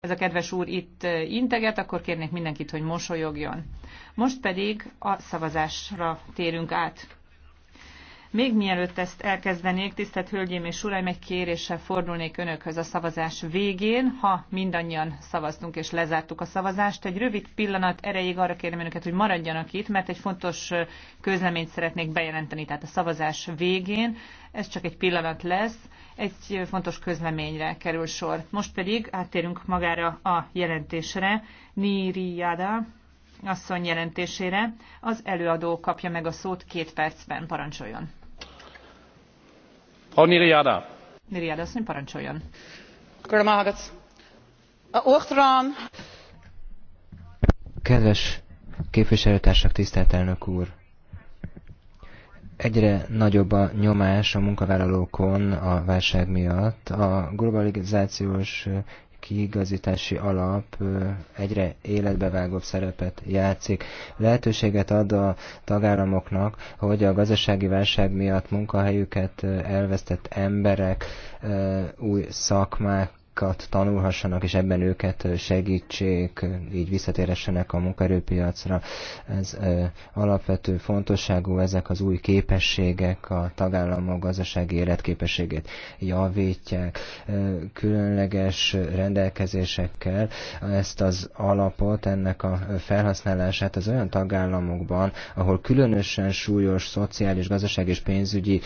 ez a kedves úr itt integet, akkor kérnék mindenkit, hogy mosolyogjon. Most pedig a szavazásra térünk át. Még mielőtt ezt elkezdenék, tisztelt Hölgyeim és Uraim, egy kéréssel fordulnék Önökhöz a szavazás végén. Ha mindannyian szavaztunk és lezártuk a szavazást, egy rövid pillanat erejéig arra kérem Önöket, hogy maradjanak itt, mert egy fontos közleményt szeretnék bejelenteni, tehát a szavazás végén. Ez csak egy pillanat lesz, egy fontos közleményre kerül sor. Most pedig áttérünk magára a jelentésre. Yada asszony jelentésére. Az előadó kapja meg a szót két percben, parancsoljon. Kedves képviselőtársak, tisztelt elnök úr! Egyre nagyobb a nyomás a munkavállalókon a válság miatt. A globalizációs kiigazítási alap egyre életbevágóbb szerepet játszik. Lehetőséget ad a tagállamoknak, hogy a gazdasági válság miatt munkahelyüket elvesztett emberek új szakmák szakmákat tanulhassanak, és ebben őket segítsék, így visszatéressenek a munkaerőpiacra. Ez alapvető fontosságú, ezek az új képességek a tagállamok gazdasági életképességét javítják. Különleges rendelkezésekkel ezt az alapot, ennek a felhasználását az olyan tagállamokban, ahol különösen súlyos szociális, gazdaság és pénzügyi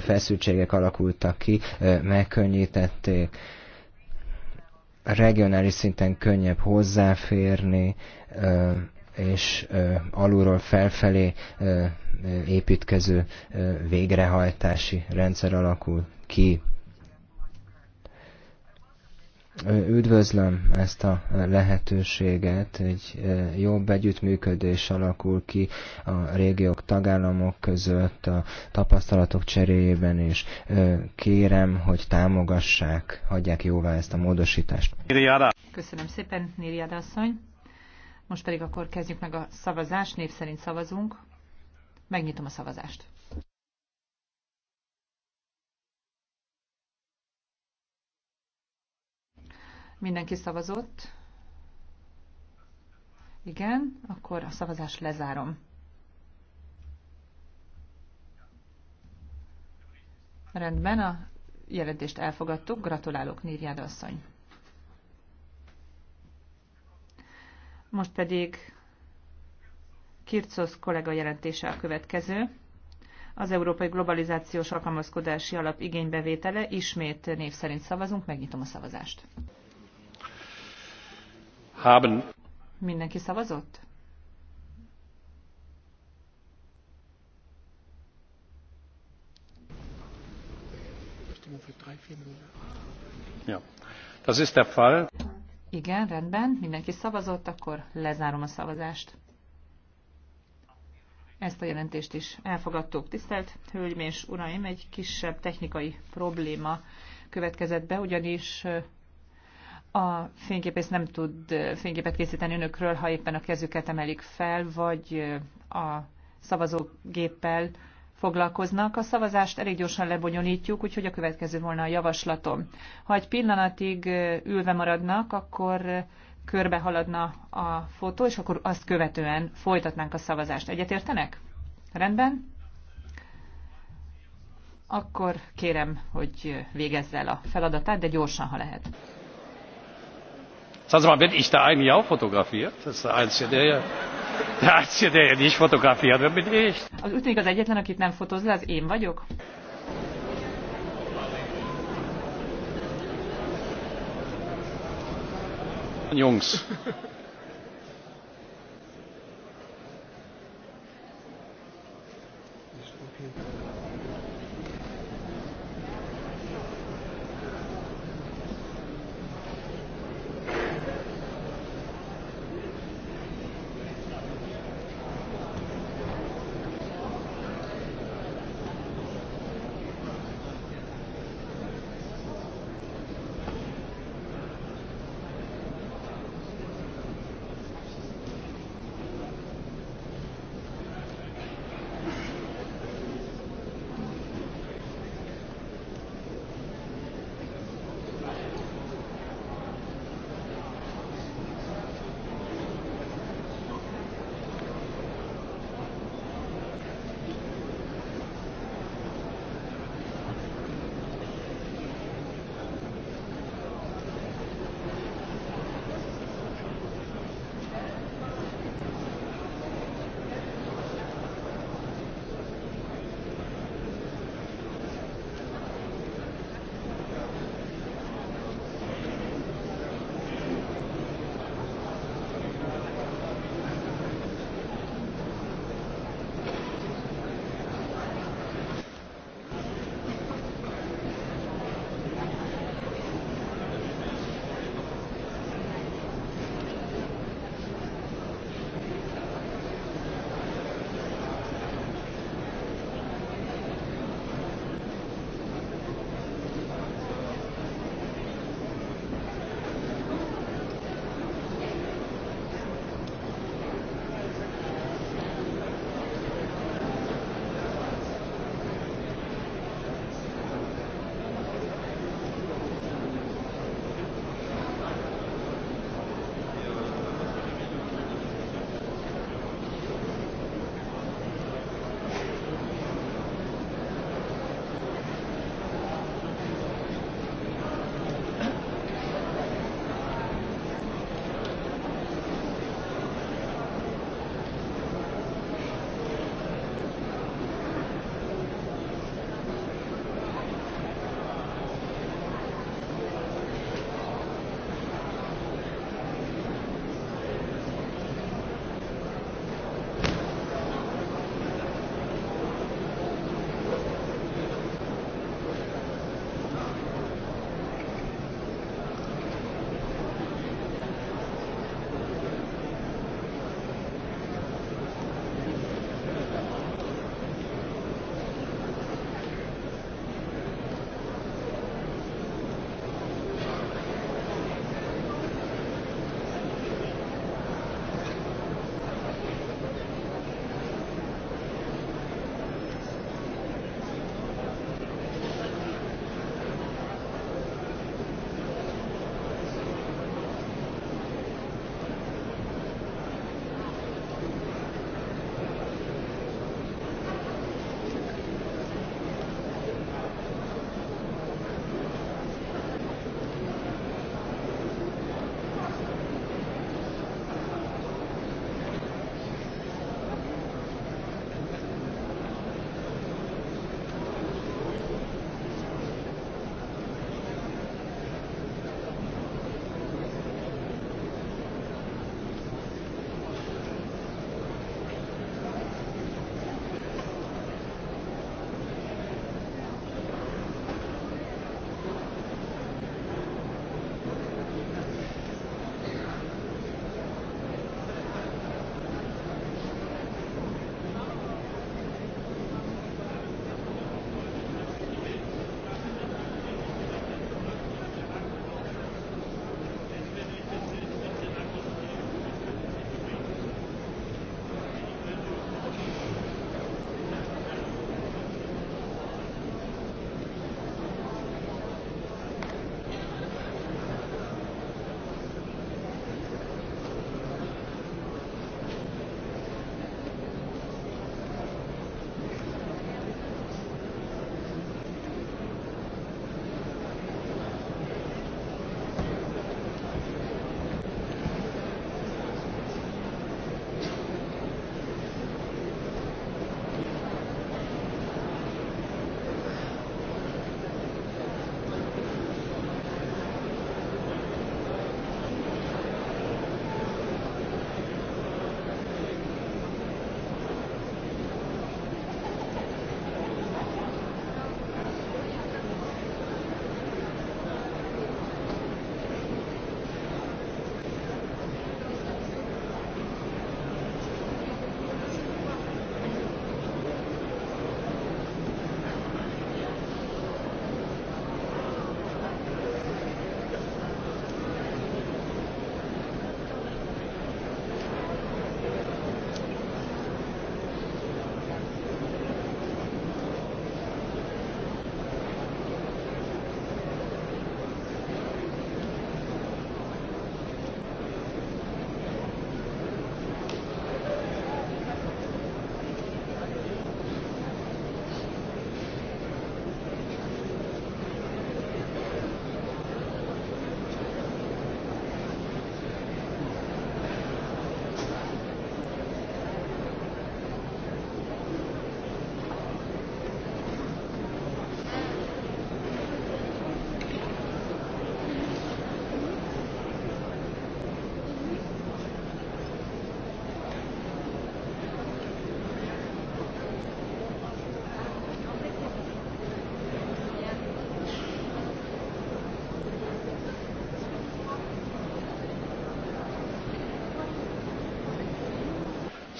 feszültségek alakultak ki, megkönnyítették regionális szinten könnyebb hozzáférni, és alulról felfelé építkező végrehajtási rendszer alakul ki. Üdvözlöm ezt a lehetőséget, egy jobb együttműködés alakul ki a régiók, tagállamok között, a tapasztalatok cseréjében, és kérem, hogy támogassák, hagyják jóvá ezt a módosítást. Köszönöm szépen, Nériáda asszony. Most pedig akkor kezdjük meg a szavazást, név szerint szavazunk. Megnyitom a szavazást. Mindenki szavazott? Igen, akkor a szavazást lezárom. Rendben, a jelentést elfogadtuk. Gratulálok, Nírjád asszony. Most pedig Kircosz kollega jelentése a következő. Az Európai Globalizációs Alkalmazkodási Alap igénybevétele ismét név szerint szavazunk, megnyitom a szavazást haben. Mindenki szavazott? Ja. Das ist der Fall. Igen, rendben, mindenki szavazott, akkor lezárom a szavazást. Ezt a jelentést is elfogadtuk. Tisztelt Hölgyeim és Uraim, egy kisebb technikai probléma következett be, ugyanis a fényképész nem tud fényképet készíteni önökről, ha éppen a kezüket emelik fel, vagy a szavazógéppel foglalkoznak. A szavazást elég gyorsan lebonyolítjuk, úgyhogy a következő volna a javaslatom. Ha egy pillanatig ülve maradnak, akkor körbe haladna a fotó, és akkor azt követően folytatnánk a szavazást. Egyetértenek? Rendben? Akkor kérem, hogy végezzel a feladatát, de gyorsan, ha lehet. Sagen Sie mal, bin ich da eigentlich auch fotografiert? Das ist der Einzige, der, hier, der, Einzige, der nicht fotografiert wird, bin ich. Az úgy az egyetlen, akit nem fotóz le, az én vagyok? Jungs.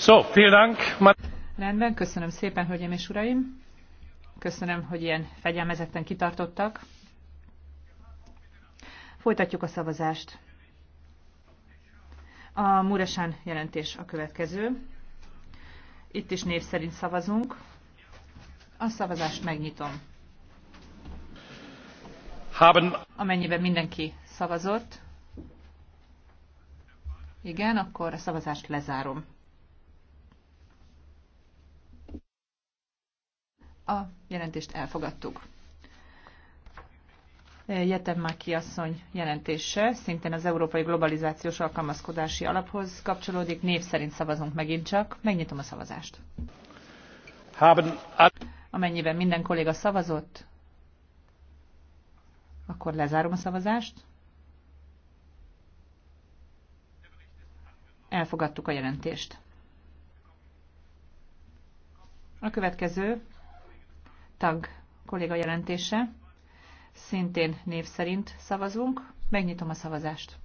So, vielen Dank. Rendben, köszönöm szépen, hölgyeim és uraim. Köszönöm, hogy ilyen fegyelmezetten kitartottak. Folytatjuk a szavazást. A Muresán jelentés a következő. Itt is név szerint szavazunk. A szavazást megnyitom. Haben. Amennyiben mindenki szavazott. Igen, akkor a szavazást lezárom. A jelentést elfogadtuk. Jetemmáki asszony jelentése szintén az Európai Globalizációs Alkalmazkodási Alaphoz kapcsolódik. Név szerint szavazunk megint csak. Megnyitom a szavazást. Amennyiben minden kolléga szavazott, akkor lezárom a szavazást. Elfogadtuk a jelentést. A következő Tag kolléga jelentése. Szintén név szerint szavazunk. Megnyitom a szavazást.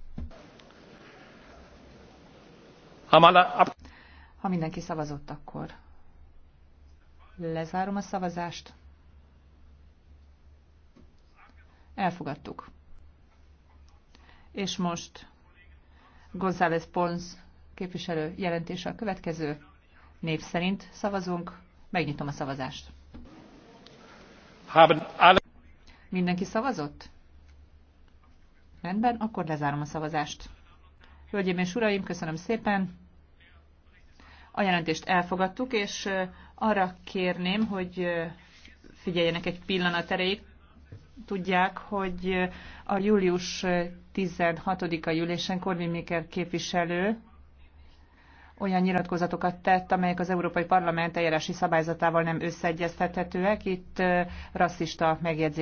Ha mindenki szavazott, akkor lezárom a szavazást. Elfogadtuk. És most González Pons képviselő jelentése a következő. Név szerint szavazunk. Megnyitom a szavazást. Mindenki szavazott? Rendben, akkor lezárom a szavazást. Hölgyeim és uraim, köszönöm szépen. A jelentést elfogadtuk, és arra kérném, hogy figyeljenek egy pillanat erejét. Tudják, hogy a július 16-a ülésen Korvin Miker képviselő olyan nyilatkozatokat tett, amelyek az Európai Parlament eljárási szabályzatával nem összeegyeztethetőek. Itt rasszista megjegyzés